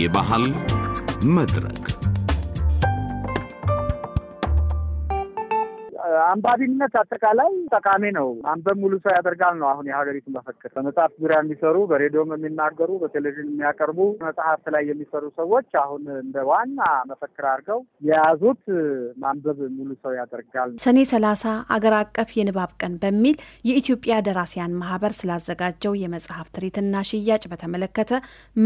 የባህል መድረክ አንባቢነት አጠቃላይ ጠቃሚ ነው። አንበብ ሙሉ ሰው ያደርጋል ነው አሁን የሀገሪቱ መፈክር። በመጽሐፍ ዙሪያ የሚሰሩ በሬዲዮም የሚናገሩ በቴሌቪዥን የሚያቀርቡ መጽሐፍት ላይ የሚሰሩ ሰዎች አሁን እንደ ዋና መፈክር አድርገው የያዙት ማንበብ ሙሉ ሰው ያደርጋል። ሰኔ ሰላሳ አገር አቀፍ የንባብ ቀን በሚል የኢትዮጵያ ደራሲያን ማህበር ስላዘጋጀው የመጽሐፍ ትርኢትና ሽያጭ በተመለከተ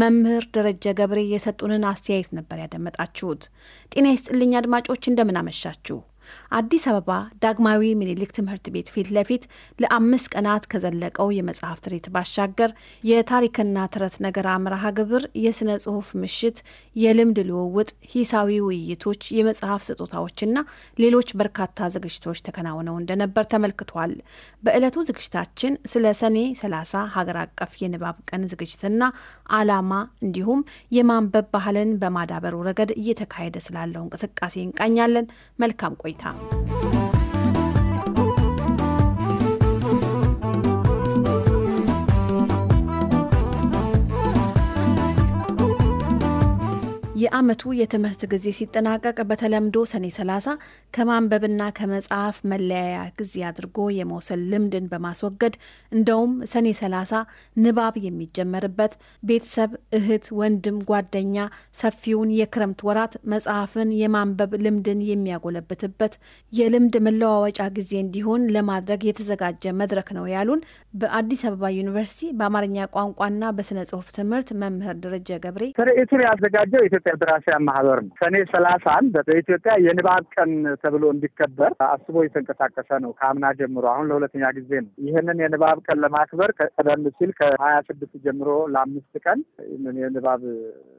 መምህር ደረጀ ገብሬ የሰጡንን አስተያየት ነበር ያደመጣችሁት። ጤና ይስጥልኝ አድማጮች እንደምን አመሻችሁ። አዲስ አበባ ዳግማዊ ምኒልክ ትምህርት ቤት ፊት ለፊት ለአምስት ቀናት ከዘለቀው የመጽሐፍ ትርኢት ባሻገር የታሪክና ተረት ነገር አምረሃ ግብር፣ የሥነ ጽሑፍ ምሽት፣ የልምድ ልውውጥ፣ ሂሳዊ ውይይቶች፣ የመጽሐፍ ስጦታዎችና ሌሎች በርካታ ዝግጅቶች ተከናውነው እንደነበር ተመልክቷል። በዕለቱ ዝግጅታችን ስለ ሰኔ 30 ሀገር አቀፍ የንባብ ቀን ዝግጅትና ዓላማ እንዲሁም የማንበብ ባህልን በማዳበሩ ረገድ እየተካሄደ ስላለው እንቅስቃሴ እንቃኛለን። መልካም ቆይ time. የዓመቱ የትምህርት ጊዜ ሲጠናቀቅ በተለምዶ ሰኔ 30 ከማንበብና ከመጽሐፍ መለያያ ጊዜ አድርጎ የመውሰድ ልምድን በማስወገድ እንደውም ሰኔ 30 ንባብ የሚጀመርበት ቤተሰብ፣ እህት፣ ወንድም፣ ጓደኛ ሰፊውን የክረምት ወራት መጽሐፍን የማንበብ ልምድን የሚያጎለብትበት የልምድ መለዋወጫ ጊዜ እንዲሆን ለማድረግ የተዘጋጀ መድረክ ነው ያሉን በአዲስ አበባ ዩኒቨርሲቲ በአማርኛ ቋንቋና በስነ ጽሁፍ ትምህርት መምህር ደረጀ ገብሬ ኢትዮጵያ የአድራሻ ማህበር ነው። ሰኔ ሰላሳ አንድ በኢትዮጵያ የንባብ ቀን ተብሎ እንዲከበር አስቦ የተንቀሳቀሰ ነው። ከአምና ጀምሮ አሁን ለሁለተኛ ጊዜ ነው። ይህንን የንባብ ቀን ለማክበር ቀደም ሲል ከሀያ ስድስት ጀምሮ ለአምስት ቀን የንባብ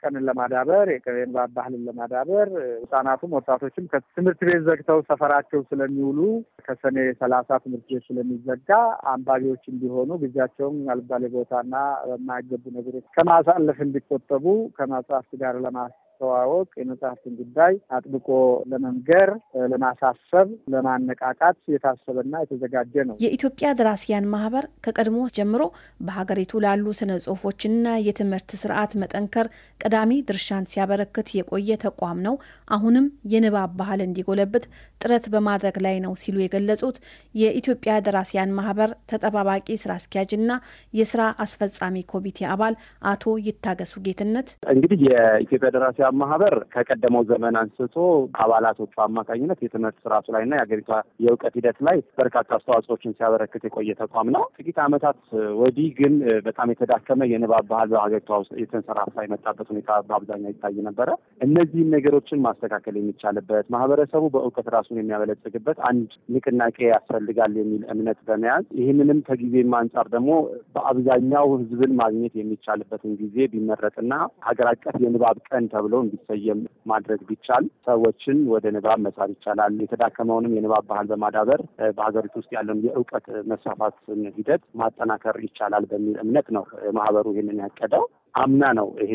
ቀንን ለማዳበር የንባብ ባህልን ለማዳበር ህጻናቱም ወጣቶችም ከትምህርት ቤት ዘግተው ሰፈራቸው ስለሚውሉ ከሰኔ ሰላሳ ትምህርት ቤት ስለሚዘጋ አንባቢዎች እንዲሆኑ ጊዜያቸውም አልባሌ ቦታና በማያገቡ ነገሮች ከማሳለፍ እንዲቆጠቡ ከመጽሐፍት ጋር ለማስ ለማስተዋወቅ የመጽሐፍትን ጉዳይ አጥብቆ ለመንገር፣ ለማሳሰብ፣ ለማነቃቃት የታሰበና የተዘጋጀ ነው። የኢትዮጵያ ደራሲያን ማህበር ከቀድሞ ጀምሮ በሀገሪቱ ላሉ ስነ ጽሁፎችና የትምህርት ስርዓት መጠንከር ቀዳሚ ድርሻን ሲያበረክት የቆየ ተቋም ነው። አሁንም የንባብ ባህል እንዲጎለብት ጥረት በማድረግ ላይ ነው ሲሉ የገለጹት የኢትዮጵያ ደራሲያን ማህበር ተጠባባቂ ስራ አስኪያጅና የስራ አስፈጻሚ ኮሚቴ አባል አቶ ይታገሱ ጌትነት እንግዲህ የኢትዮጵያ ደራሲ የምሁራን ማህበር ከቀደመው ዘመን አንስቶ አባላቶቹ አማካኝነት የትምህርት ስርዓቱ ላይና የሀገሪቷ የእውቀት ሂደት ላይ በርካታ አስተዋጽኦችን ሲያበረክት የቆየ ተቋም ነው። ጥቂት ዓመታት ወዲህ ግን በጣም የተዳከመ የንባብ ባህል በሀገሪቷ ውስጥ የተንሰራፋ የመጣበት ሁኔታ በአብዛኛው ይታይ ነበረ። እነዚህን ነገሮችን ማስተካከል የሚቻልበት ማህበረሰቡ በእውቀት ራሱን የሚያበለጽግበት አንድ ንቅናቄ ያስፈልጋል የሚል እምነት በመያዝ ይህንንም ከጊዜም አንጻር ደግሞ በአብዛኛው ህዝብን ማግኘት የሚቻልበትን ጊዜ ቢመረጥና ሀገር አቀፍ የንባብ ቀን ተብሎ እንዲሰየም ማድረግ ቢቻል ሰዎችን ወደ ንባብ መሳብ ይቻላል። የተዳከመውንም የንባብ ባህል በማዳበር በሀገሪቱ ውስጥ ያለውን የእውቀት መስፋፋት ሂደት ማጠናከር ይቻላል በሚል እምነት ነው ማህበሩ ይህንን ያቀደው። አምና ነው ይሄ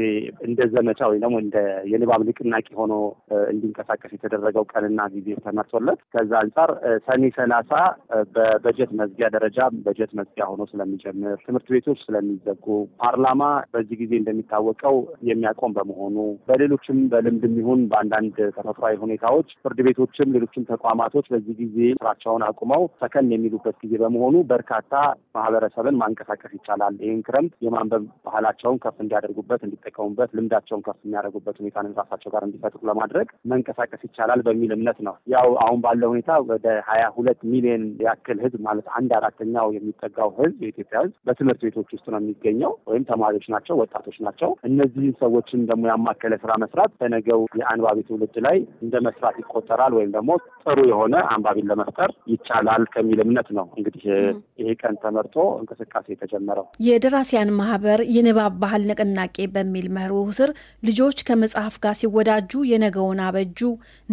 እንደ ዘመቻ ወይ ደግሞ እንደ የንባብ ንቅናቄ ሆኖ እንዲንቀሳቀስ የተደረገው ቀንና ጊዜ ተመርቶለት ከዛ አንጻር ሰኔ ሰላሳ በበጀት መዝጊያ ደረጃ በጀት መዝጊያ ሆኖ ስለሚጀምር ትምህርት ቤቶች ስለሚዘጉ ፓርላማ በዚህ ጊዜ እንደሚታወቀው የሚያቆም በመሆኑ በሌሎችም በልምድም ይሁን በአንዳንድ ተፈጥሯዊ ሁኔታዎች ፍርድ ቤቶችም ሌሎችም ተቋማቶች በዚህ ጊዜ ስራቸውን አቁመው ሰከን የሚሉበት ጊዜ በመሆኑ በርካታ ማህበረሰብን ማንቀሳቀስ ይቻላል። ይህን ክረምት የማንበብ ባህላቸውን ከፍ እንዲያደርጉበት፣ እንዲጠቀሙበት፣ ልምዳቸውን ከፍ የሚያደርጉበት ሁኔታ ራሳቸው ጋር እንዲፈጥሩ ለማድረግ መንቀሳቀስ ይቻላል በሚል እምነት ነው። ያው አሁን ባለው ሁኔታ ወደ ሀያ ሁለት ሚሊዮን ያክል ህዝብ ማለት አንድ አራተኛው የሚጠጋው ህዝብ የኢትዮጵያ ህዝብ በትምህርት ቤቶች ውስጥ ነው የሚገኘው ወይም ተማሪዎች ናቸው፣ ወጣቶች ናቸው። እነዚህን ሰዎችን ደግሞ ያማከለ ስራ መስራት በነገው የአንባቢ ትውልድ ላይ እንደ መስራት ይቆጠራል ወይም ደግሞ ጥሩ የሆነ አንባቢን ለመፍጠር ይቻላል ከሚል እምነት ነው እንግዲህ ቀን ተመርጦ እንቅስቃሴ የተጀመረው። የደራሲያን ማህበር የንባብ ባህል ንቅናቄ በሚል መርህ ስር ልጆች ከመጽሐፍ ጋር ሲወዳጁ የነገውን አበጁ፣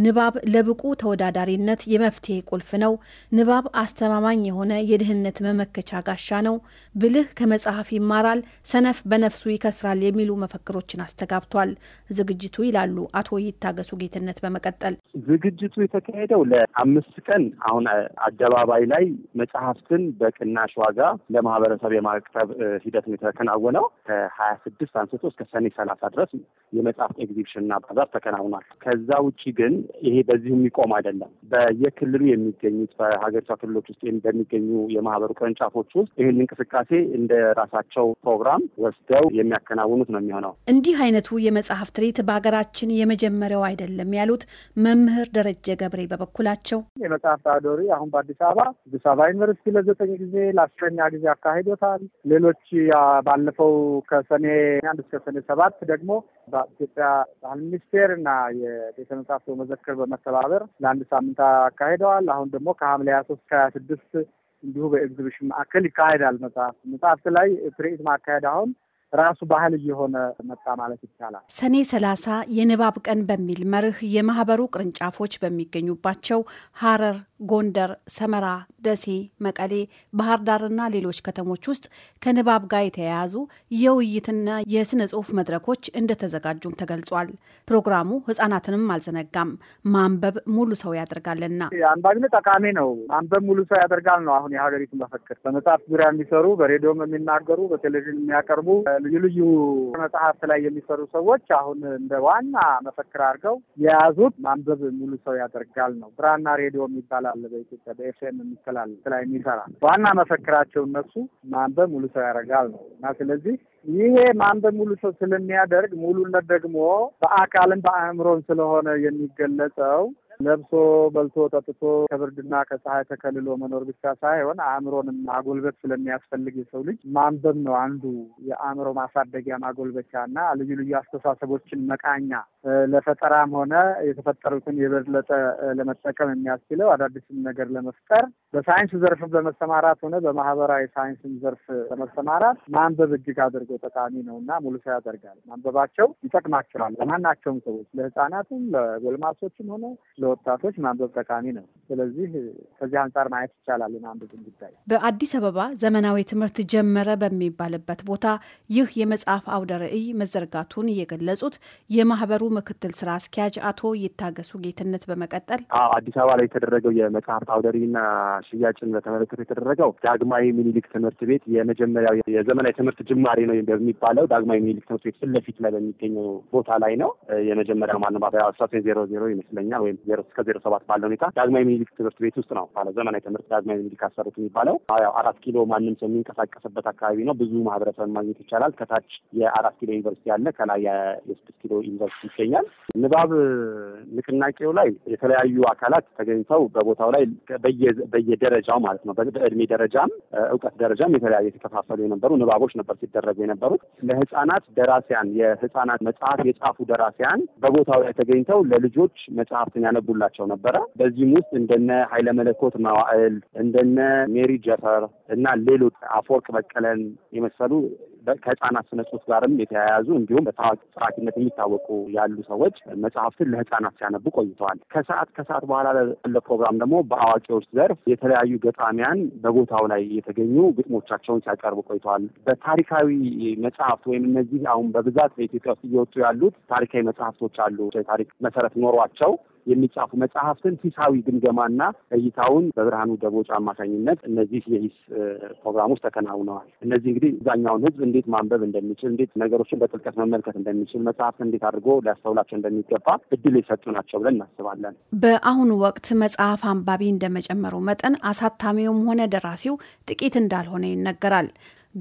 ንባብ ለብቁ ተወዳዳሪነት የመፍትሄ ቁልፍ ነው፣ ንባብ አስተማማኝ የሆነ የድህነት መመከቻ ጋሻ ነው፣ ብልህ ከመጽሐፍ ይማራል፣ ሰነፍ በነፍሱ ይከስራል የሚሉ መፈክሮችን አስተጋብቷል ዝግጅቱ ይላሉ አቶ ይታገሱ ጌትነት። በመቀጠል ዝግጅቱ የተካሄደው ለአምስት ቀን አሁን አደባባይ ላይ መጽሐፍትን በቅን ቅናሽ ዋጋ ለማህበረሰብ የማቅረብ ሂደት ነው የተከናወነው። ከሀያ ስድስት አንስቶ እስከ ሰኔ ሰላሳ ድረስ የመጽሐፍት ኤግዚቢሽንና ባዛር ተከናውኗል። ከዛ ውጭ ግን ይሄ በዚሁ የሚቆም አይደለም። በየክልሉ የሚገኙት በሀገሪቷ ክልሎች ውስጥ በሚገኙ የማህበሩ ቅርንጫፎች ውስጥ ይህን እንቅስቃሴ እንደ ራሳቸው ፕሮግራም ወስደው የሚያከናውኑት ነው የሚሆነው። እንዲህ አይነቱ የመጽሐፍ ትርኢት በሀገራችን የመጀመሪያው አይደለም ያሉት መምህር ደረጀ ገብሬ በበኩላቸው የመጽሐፍ ታዶሪ አሁን በአዲስ አበባ አዲስ አበባ ዩኒቨርሲቲ ለዘጠኝ ጊዜ ለአስረኛ ጊዜ አካሂዶታል። ሌሎች ባለፈው ከሰኔ አንድ እስከ ሰኔ ሰባት ደግሞ በኢትዮጵያ ባህል ሚኒስቴር እና የቤተ መጻሕፍት መዘክር በመተባበር ለአንድ ሳምንት አካሂደዋል። አሁን ደግሞ ከሐምሌ ሀያ ሶስት ከሀያ ስድስት እንዲሁ በኤግዚቢሽን ማዕከል ይካሄዳል። መጽሐፍ መጽሐፍት ላይ ትርኢት ማካሄድ አሁን ራሱ ባህል እየሆነ መጣ ማለት ይቻላል። ሰኔ ሰላሳ የንባብ ቀን በሚል መርህ የማህበሩ ቅርንጫፎች በሚገኙባቸው ሀረር ጎንደር፣ ሰመራ፣ ደሴ፣ መቀሌ፣ ባህር ዳርና ሌሎች ከተሞች ውስጥ ከንባብ ጋር የተያያዙ የውይይትና የስነ ጽሁፍ መድረኮች እንደተዘጋጁም ተገልጿል። ፕሮግራሙ ህጻናትንም አልዘነጋም። ማንበብ ሙሉ ሰው ያደርጋልና አንባቢነት ጠቃሚ ነው። ማንበብ ሙሉ ሰው ያደርጋል ነው አሁን የሀገሪቱ መፈክር። በመጽሐፍ ዙሪያ የሚሰሩ በሬዲዮም የሚናገሩ በቴሌቪዥን የሚያቀርቡ ልዩ ልዩ መጽሐፍት ላይ የሚሰሩ ሰዎች አሁን እንደ ዋና መፈክር አድርገው የያዙት ማንበብ ሙሉ ሰው ያደርጋል ነው። ብራና ሬዲዮ ይባላል አለ በኢትዮጵያ በኤፍኤም የሚተላል ላይ የሚሰራ ዋና መፈክራቸው እነሱ ማንበብ ሙሉ ሰው ያደርጋል ነው እና ስለዚህ ይሄ ማንበብ ሙሉ ሰው ስለሚያደርግ ሙሉነት ደግሞ በአካልም በአእምሮም ስለሆነ የሚገለጸው ለብሶ በልቶ ጠጥቶ ከብርድና ከፀሐይ ተከልሎ መኖር ብቻ ሳይሆን አእምሮንም ማጎልበት ስለሚያስፈልግ የሰው ልጅ ማንበብ ነው አንዱ የአእምሮ ማሳደጊያ ማጎልበቻ እና ልዩ ልዩ አስተሳሰቦችን መቃኛ ለፈጠራም ሆነ የተፈጠሩትን የበለጠ ለመጠቀም የሚያስችለው አዳዲስን ነገር ለመፍጠር በሳይንስ ዘርፍ በመሰማራት ሆነ በማህበራዊ ሳይንስን ዘርፍ በመሰማራት ማንበብ እጅግ አድርጎ ጠቃሚ ነው እና ሙሉ ሰው ያደርጋል። ማንበባቸው ይጠቅማቸዋል ለማናቸውም ሰዎች ለህፃናትም፣ ለጎልማሶችም ሆነ ለወጣቶች ማንበብ ጠቃሚ ነው። ስለዚህ ከዚህ አንጻር ማየት ይቻላል የማንበብን ጉዳይ። በአዲስ አበባ ዘመናዊ ትምህርት ጀመረ በሚባልበት ቦታ ይህ የመጽሐፍ አውደ ርዕይ መዘርጋቱን የገለጹት የማህበሩ ምክትል ስራ አስኪያጅ አቶ ይታገሱ ጌትነት በመቀጠል አዲስ አበባ ላይ የተደረገው የመጽሐፍ አውደ ርዕይና ሽያጭን በተመለከተ የተደረገው ዳግማዊ ሚኒሊክ ትምህርት ቤት የመጀመሪያው የዘመናዊ ትምህርት ጅማሬ ነው የሚባለው ዳግማዊ ሚኒሊክ ትምህርት ቤት ፊት ለፊት ላይ በሚገኘው ቦታ ላይ ነው። የመጀመሪያው ማነባበያ አስራ ዘጠኝ ዜሮ ዜሮ ይመስለኛል ወይም እስከ ዜሮ ሰባት ባለ ሁኔታ ዳግማዊ ሚኒሊክ ትምህርት ቤት ውስጥ ነው ባለ ዘመናዊ ትምህርት ዳግማዊ ሚኒሊክ አሰሩት የሚባለው። ያው አራት ኪሎ ማንም ሰው የሚንቀሳቀስበት አካባቢ ነው። ብዙ ማህበረሰብን ማግኘት ይቻላል። ከታች የአራት ኪሎ ዩኒቨርሲቲ አለ፣ ከላይ የስድስት ኪሎ ዩኒቨርሲቲ ይገኛል። ንባብ ንቅናቄው ላይ የተለያዩ አካላት ተገኝተው በቦታው ላይ በየደረጃው ማለት ነው በእድሜ ደረጃም እውቀት ደረጃም የተለያዩ የተከፋፈሉ የነበሩ ንባቦች ነበር ሲደረጉ የነበሩት። ለህጻናት ደራሲያን የህጻናት መጽሐፍ የጻፉ ደራሲያን በቦታው ላይ ተገኝተው ለልጆች መጽሐፍትን ያነቡ ተዘጋጅቶላቸው ነበረ። በዚህም ውስጥ እንደነ ኃይለ መለኮት መዋዕል፣ እንደነ ሜሪ ጀፈር እና ሌሎች አፈወርቅ በቀለን የመሰሉ ከህጻናት ስነ ጽሁፍ ጋርም የተያያዙ እንዲሁም በታዋቂ ጸሐፊነት የሚታወቁ ያሉ ሰዎች መጽሐፍትን ለህጻናት ሲያነቡ ቆይተዋል። ከሰዓት ከሰዓት በኋላ ያለ ፕሮግራም ደግሞ በአዋቂዎች ዘርፍ የተለያዩ ገጣሚያን በቦታው ላይ የተገኙ ግጥሞቻቸውን ሲያቀርቡ ቆይተዋል። በታሪካዊ መጽሐፍት ወይም እነዚህ አሁን በብዛት በኢትዮጵያ ውስጥ እየወጡ ያሉት ታሪካዊ መጽሐፍቶች አሉ የታሪክ መሰረት ኖሯቸው የሚጻፉ መጽሐፍትን ሂሳዊ ግምገማና እይታውን በብርሃኑ ደቦጫ አማካኝነት እነዚህ የሂስ ፕሮግራሞች ተከናውነዋል። እነዚህ እንግዲህ አብዛኛውን ህዝብ እንዴት ማንበብ እንደሚችል፣ እንዴት ነገሮችን በጥልቀት መመልከት እንደሚችል፣ መጽሐፍት እንዴት አድርጎ ሊያስተውላቸው እንደሚገባ እድል የሰጡ ናቸው ብለን እናስባለን። በአሁኑ ወቅት መጽሐፍ አንባቢ እንደመጨመሩ መጠን አሳታሚውም ሆነ ደራሲው ጥቂት እንዳልሆነ ይነገራል።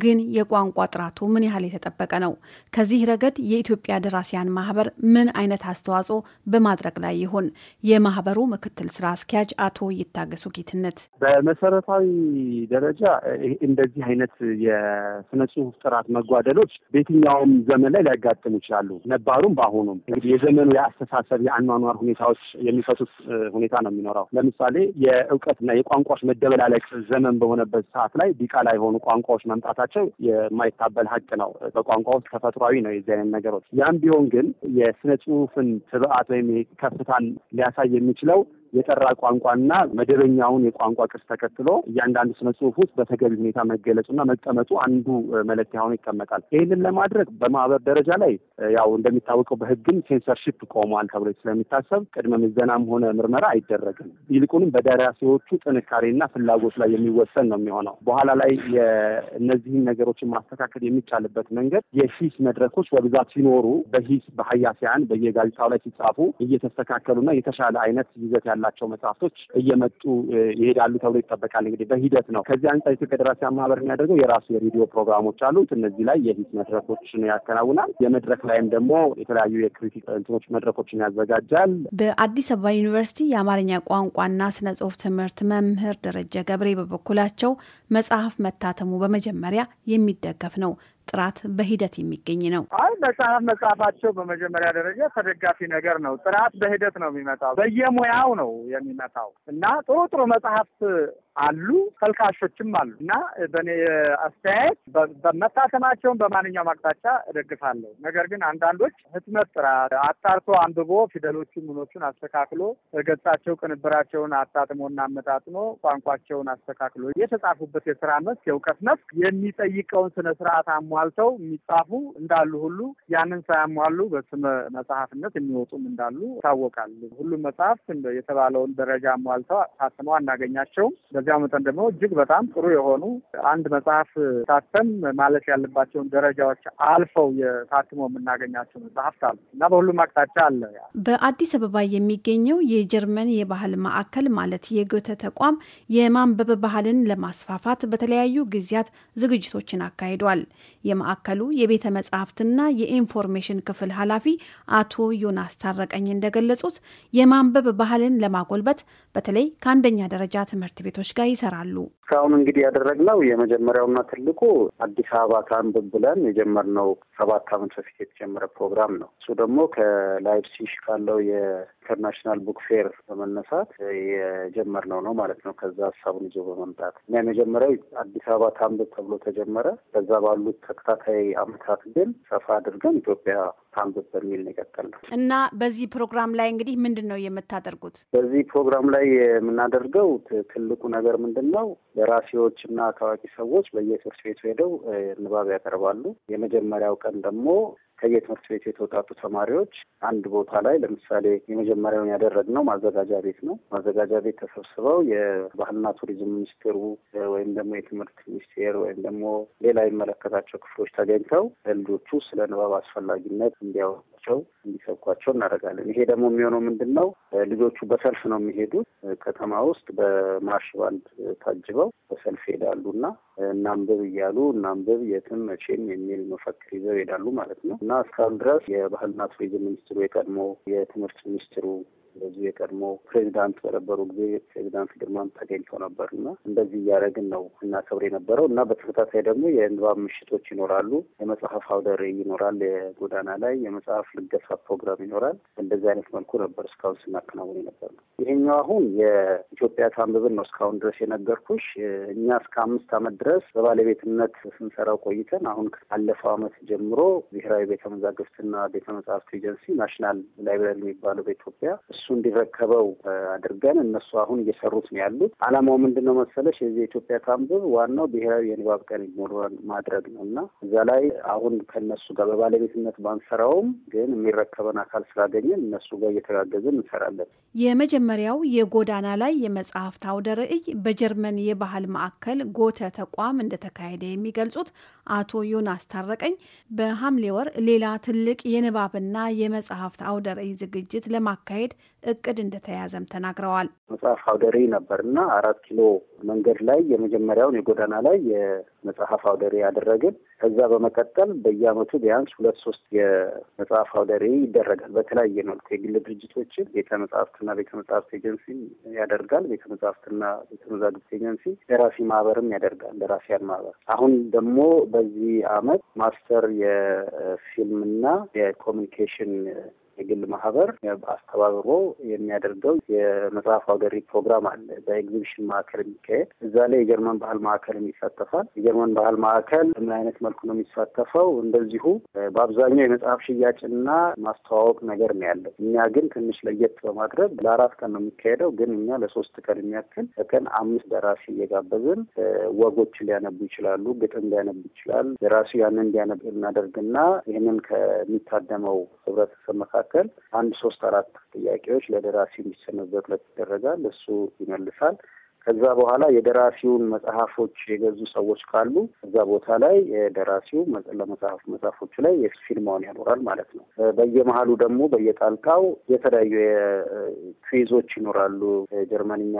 ግን የቋንቋ ጥራቱ ምን ያህል የተጠበቀ ነው? ከዚህ ረገድ የኢትዮጵያ ደራሲያን ማህበር ምን አይነት አስተዋጽኦ በማድረግ ላይ ይሆን? የማህበሩ ምክትል ስራ አስኪያጅ አቶ ይታገሱ ጌትነት፣ በመሰረታዊ ደረጃ እንደዚህ አይነት የስነ ጽሁፍ ጥራት መጓደሎች በየትኛውም ዘመን ላይ ሊያጋጥሙ ይችላሉ። ነባሩም በአሁኑም እንግዲህ የዘመኑ የአስተሳሰብ የአኗኗር ሁኔታዎች የሚፈቱት ሁኔታ ነው የሚኖረው። ለምሳሌ የእውቀትና የቋንቋዎች መደበላለቅ ዘመን በሆነበት ሰዓት ላይ ዲቃላ የሆኑ ቋንቋዎች መምጣት መምጣታቸው የማይታበል ሀቅ ነው። በቋንቋ ውስጥ ተፈጥሯዊ ነው የዚህ አይነት ነገሮች። ያም ቢሆን ግን የስነ ጽሁፍን ትብዓት ወይም ከፍታን ሊያሳይ የሚችለው የጠራ ቋንቋና መደበኛውን የቋንቋ ቅርስ ተከትሎ እያንዳንዱ ስነ ጽሁፍ ውስጥ በተገቢ ሁኔታ መገለጹና መቀመጡ አንዱ መለኪያ ሆኖ ይቀመጣል። ይህንን ለማድረግ በማህበር ደረጃ ላይ ያው እንደሚታወቀው በህግም ሴንሰርሺፕ ቆሟል ተብሎ ስለሚታሰብ ቅድመ ምዘናም ሆነ ምርመራ አይደረግም። ይልቁንም በደራሲዎቹ ጥንካሬና ፍላጎት ላይ የሚወሰን ነው የሚሆነው። በኋላ ላይ የእነዚህን ነገሮችን ማስተካከል የሚቻልበት መንገድ የሂስ መድረኮች በብዛት ሲኖሩ በሂስ በሀያሲያን በየጋዜጣው ላይ ሲጻፉ እየተስተካከሉና የተሻለ አይነት ይዘት ያለ ያላቸው መጽሐፍቶች እየመጡ ይሄዳሉ ተብሎ ይጠበቃል። እንግዲህ በሂደት ነው። ከዚህ አንጻር ኢትዮጵያ ደራሲያን ማህበር የሚያደርገው የራሱ የሬዲዮ ፕሮግራሞች አሉት። እነዚህ ላይ የፊት መድረኮችን ያከናውናል። የመድረክ ላይም ደግሞ የተለያዩ የክሪቲክ እንትኖች መድረኮችን ያዘጋጃል። በአዲስ አበባ ዩኒቨርሲቲ የአማርኛ ቋንቋና ስነ ጽሁፍ ትምህርት መምህር ደረጀ ገብሬ በበኩላቸው መጽሐፍ መታተሙ በመጀመሪያ የሚደገፍ ነው ጥራት በሂደት የሚገኝ ነው። አይ መጽሐፍ መጽሐፋቸው በመጀመሪያ ደረጃ ተደጋፊ ነገር ነው። ጥራት በሂደት ነው የሚመጣው፣ በየሙያው ነው የሚመጣው እና ጥሩ ጥሩ መጽሐፍት አሉ፣ ከልካሾችም አሉ እና በእኔ አስተያየት መታተማቸውን በማንኛውም አቅጣጫ እደግፋለሁ። ነገር ግን አንዳንዶች ህትመት ጥራት አጣርቶ አንብቦ ፊደሎቹን ምኖቹን አስተካክሎ ገጻቸው ቅንብራቸውን አጣጥሞና አመጣጥኖ ቋንቋቸውን አስተካክሎ የተጻፉበት የስራ መስክ የእውቀት መስክ የሚጠይቀውን ስነ ስርዓት አሟልተው የሚጻፉ እንዳሉ ሁሉ ያንን ሳያሟሉ በስመ መጽሐፍነት የሚወጡም እንዳሉ ይታወቃል። ሁሉም መጽሐፍት የተባለውን ደረጃ አሟልተው ታትመው አናገኛቸውም። በዚያው መጠን ደግሞ እጅግ በጣም ጥሩ የሆኑ አንድ መጽሐፍ ታተም ማለፍ ያለባቸውን ደረጃዎች አልፈው የታትሞ የምናገኛቸው መጽሐፍት አሉ እና በሁሉም አቅጣጫ አለ። በአዲስ አበባ የሚገኘው የጀርመን የባህል ማዕከል ማለት የጎተ ተቋም የማንበብ ባህልን ለማስፋፋት በተለያዩ ጊዜያት ዝግጅቶችን አካሂዷል። የማዕከሉ የቤተ መጽሐፍትና የኢንፎርሜሽን ክፍል ኃላፊ አቶ ዮናስ ታረቀኝ እንደገለጹት የማንበብ ባህልን ለማጎልበት በተለይ ከአንደኛ ደረጃ ትምህርት ቤቶች ጋር ይሰራሉ። እስካሁን እንግዲህ ያደረግነው የመጀመሪያውና ትልቁ አዲስ አበባ ከአንብብ ብለን የጀመርነው ሰባት ዓመት በፊት የተጀመረ ፕሮግራም ነው። እሱ ደግሞ ከላይፕሲሽ ካለው ከኢንተርናሽናል ቡክ ፌር በመነሳት የጀመርነው ነው ማለት ነው። ከዛ ሀሳቡን ይዞ በመምጣት እኛ የመጀመሪያው አዲስ አበባ ታንብብ ተብሎ ተጀመረ። ከዛ ባሉት ተከታታይ አመታት ግን ሰፋ አድርገን ኢትዮጵያ ታንብብ በሚል ነው የቀጠልነው እና በዚህ ፕሮግራም ላይ እንግዲህ ምንድን ነው የምታደርጉት? በዚህ ፕሮግራም ላይ የምናደርገው ትልቁ ነገር ምንድን ነው? ደራሲዎች እና ታዋቂ ሰዎች በየትምህርት ቤቱ ሄደው ንባብ ያቀርባሉ። የመጀመሪያው ቀን ደግሞ ከየትምህርት ቤቱ የተውጣጡ ተማሪዎች አንድ ቦታ ላይ ለምሳሌ የመጀመሪያውን ያደረግነው ማዘጋጃ ቤት ነው። ማዘጋጃ ቤት ተሰብስበው የባህልና ቱሪዝም ሚኒስቴሩ ወይም ደግሞ የትምህርት ሚኒስቴር ወይም ደግሞ ሌላ የሚመለከታቸው ክፍሎች ተገኝተው ለልጆቹ ስለ ንባብ አስፈላጊነት እንዲያው እንዲሰጧቸው እንዲሰብኳቸው እናደርጋለን። ይሄ ደግሞ የሚሆነው ምንድን ነው? ልጆቹ በሰልፍ ነው የሚሄዱት። ከተማ ውስጥ በማርሽ ባንድ ታጅበው በሰልፍ ይሄዳሉ እና እናንብብ እያሉ እናንብብ የትም መቼም የሚል መፈክር ይዘው ይሄዳሉ ማለት ነው እና እስካሁን ድረስ የባህልና ቱሪዝም ሚኒስትሩ የቀድሞ የትምህርት ሚኒስትሩ ስለዚህ የቀድሞ ፕሬዚዳንት በነበሩ ጊዜ ፕሬዚዳንት ግርማም ተገኝቶ ነበር እና እንደዚህ እያደረግን ነው እናከብር የነበረው እና በተከታታይ ደግሞ የንባብ ምሽቶች ይኖራሉ። የመጽሐፍ አውደር ይኖራል። የጎዳና ላይ የመጽሐፍ ልገሳ ፕሮግራም ይኖራል። እንደዚህ አይነት መልኩ ነበር እስካሁን ስናከናወን የነበር ነው። ይሄኛው አሁን የኢትዮጵያ ታንብብን ነው እስካሁን ድረስ የነገርኩሽ። እኛ እስከ አምስት ዓመት ድረስ በባለቤትነት ስንሰራው ቆይተን አሁን ካለፈው ዓመት ጀምሮ ብሔራዊ ቤተ መዛግብትና ቤተ መጽሐፍት ኤጀንሲ ናሽናል ላይብራሪ የሚባለው በኢትዮጵያ እሱ እንዲረከበው አድርገን እነሱ አሁን እየሰሩት ነው ያሉት። አላማው ምንድን ነው መሰለሽ የዚህ የኢትዮጵያ ካምፕ ዋናው ብሔራዊ የንባብ ቀን እንዲኖረን ማድረግ ነው እና እዛ ላይ አሁን ከእነሱ ጋር በባለቤትነት ባንሰራውም ግን የሚረከበን አካል ስላገኘን እነሱ ጋር እየተጋገዝን እንሰራለን። የመጀመሪያው የጎዳና ላይ የመጽሐፍት አውደ ርዕይ በጀርመን የባህል ማዕከል ጎተ ተቋም እንደተካሄደ የሚገልጹት አቶ ዮናስ ታረቀኝ በሐምሌ ወር ሌላ ትልቅ የንባብና የመጽሐፍት አውደ ርዕይ ዝግጅት ለማካሄድ እቅድ እንደተያዘም ተናግረዋል። መጽሐፍ አውደሪ ነበር እና አራት ኪሎ መንገድ ላይ የመጀመሪያውን የጎዳና ላይ የመጽሐፍ አውደሬ ያደረግን። ከዛ በመቀጠል በየአመቱ ቢያንስ ሁለት ሶስት የመጽሐፍ አውደሬ ይደረጋል። በተለያየ መልኩ የግል ድርጅቶችን ቤተ መጽሐፍትና ቤተ መጽሐፍት ኤጀንሲ ያደርጋል። ቤተ መጽሐፍትና ቤተ መዛግብት ኤጀንሲ ደራሲ ማህበርም ያደርጋል። ደራሲያን ማህበር አሁን ደግሞ በዚህ አመት ማስተር የፊልምና የኮሚኒኬሽን የግል ማህበር አስተባብሮ የሚያደርገው የመጽሐፍ ሀገሪ ፕሮግራም አለ በኤግዚቢሽን ማዕከል የሚካሄድ እዛ ላይ የጀርመን ባህል ማዕከልም ይሳተፋል። የጀርመን ባህል ማዕከል በምን አይነት መልኩ ነው የሚሳተፈው? እንደዚሁ በአብዛኛው የመጽሐፍ ሽያጭና ማስተዋወቅ ነገር ነው ያለው። እኛ ግን ትንሽ ለየት በማድረግ ለአራት ቀን ነው የሚካሄደው፣ ግን እኛ ለሶስት ቀን የሚያክል በቀን አምስት ደራሲ እየጋበዝን ወጎችን ሊያነቡ ይችላሉ፣ ግጥም ሊያነቡ ይችላል። ደራሲ ያንን እንዲያነብ እናደርግና ይህንን ከሚታደመው ህብረተሰብ መካከል መካከል አንድ ሶስት አራት ጥያቄዎች ለደራሲ እንዲሰነዘሩለት ይደረጋል። እሱ ይመልሳል። ከዛ በኋላ የደራሲውን መጽሐፎች የገዙ ሰዎች ካሉ እዛ ቦታ ላይ ደራሲው ለመጽሐፍ መጽሐፎቹ ላይ የፊርማውን ያኖራል ማለት ነው። በየመሀሉ ደግሞ በየጣልቃው የተለያዩ ክዊዞች ይኖራሉ። የጀርመንኛ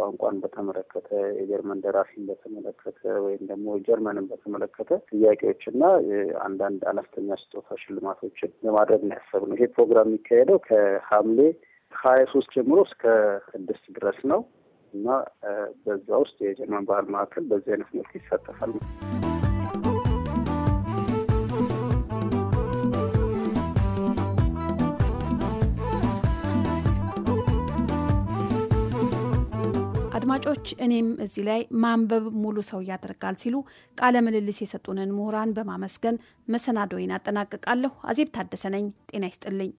ቋንቋን በተመለከተ፣ የጀርመን ደራሲን በተመለከተ ወይም ደግሞ ጀርመንን በተመለከተ ጥያቄዎችና አንዳንድ አነስተኛ ስጦታ ሽልማቶችን ለማድረግ ነው ያሰብነው። ይሄ ፕሮግራም የሚካሄደው ከሐምሌ ሀያ ሶስት ጀምሮ እስከ ስድስት ድረስ ነው። እና በዛ ውስጥ የጀርመን ባህል ማዕከል በዚህ አይነት መልክ ይሳተፋል። አድማጮች እኔም እዚህ ላይ ማንበብ ሙሉ ሰው ያደርጋል ሲሉ ቃለ ምልልስ የሰጡንን ምሁራን በማመስገን መሰናዶይን አጠናቅቃለሁ። አዜብ ታደሰ ነኝ። ጤና ይስጥልኝ።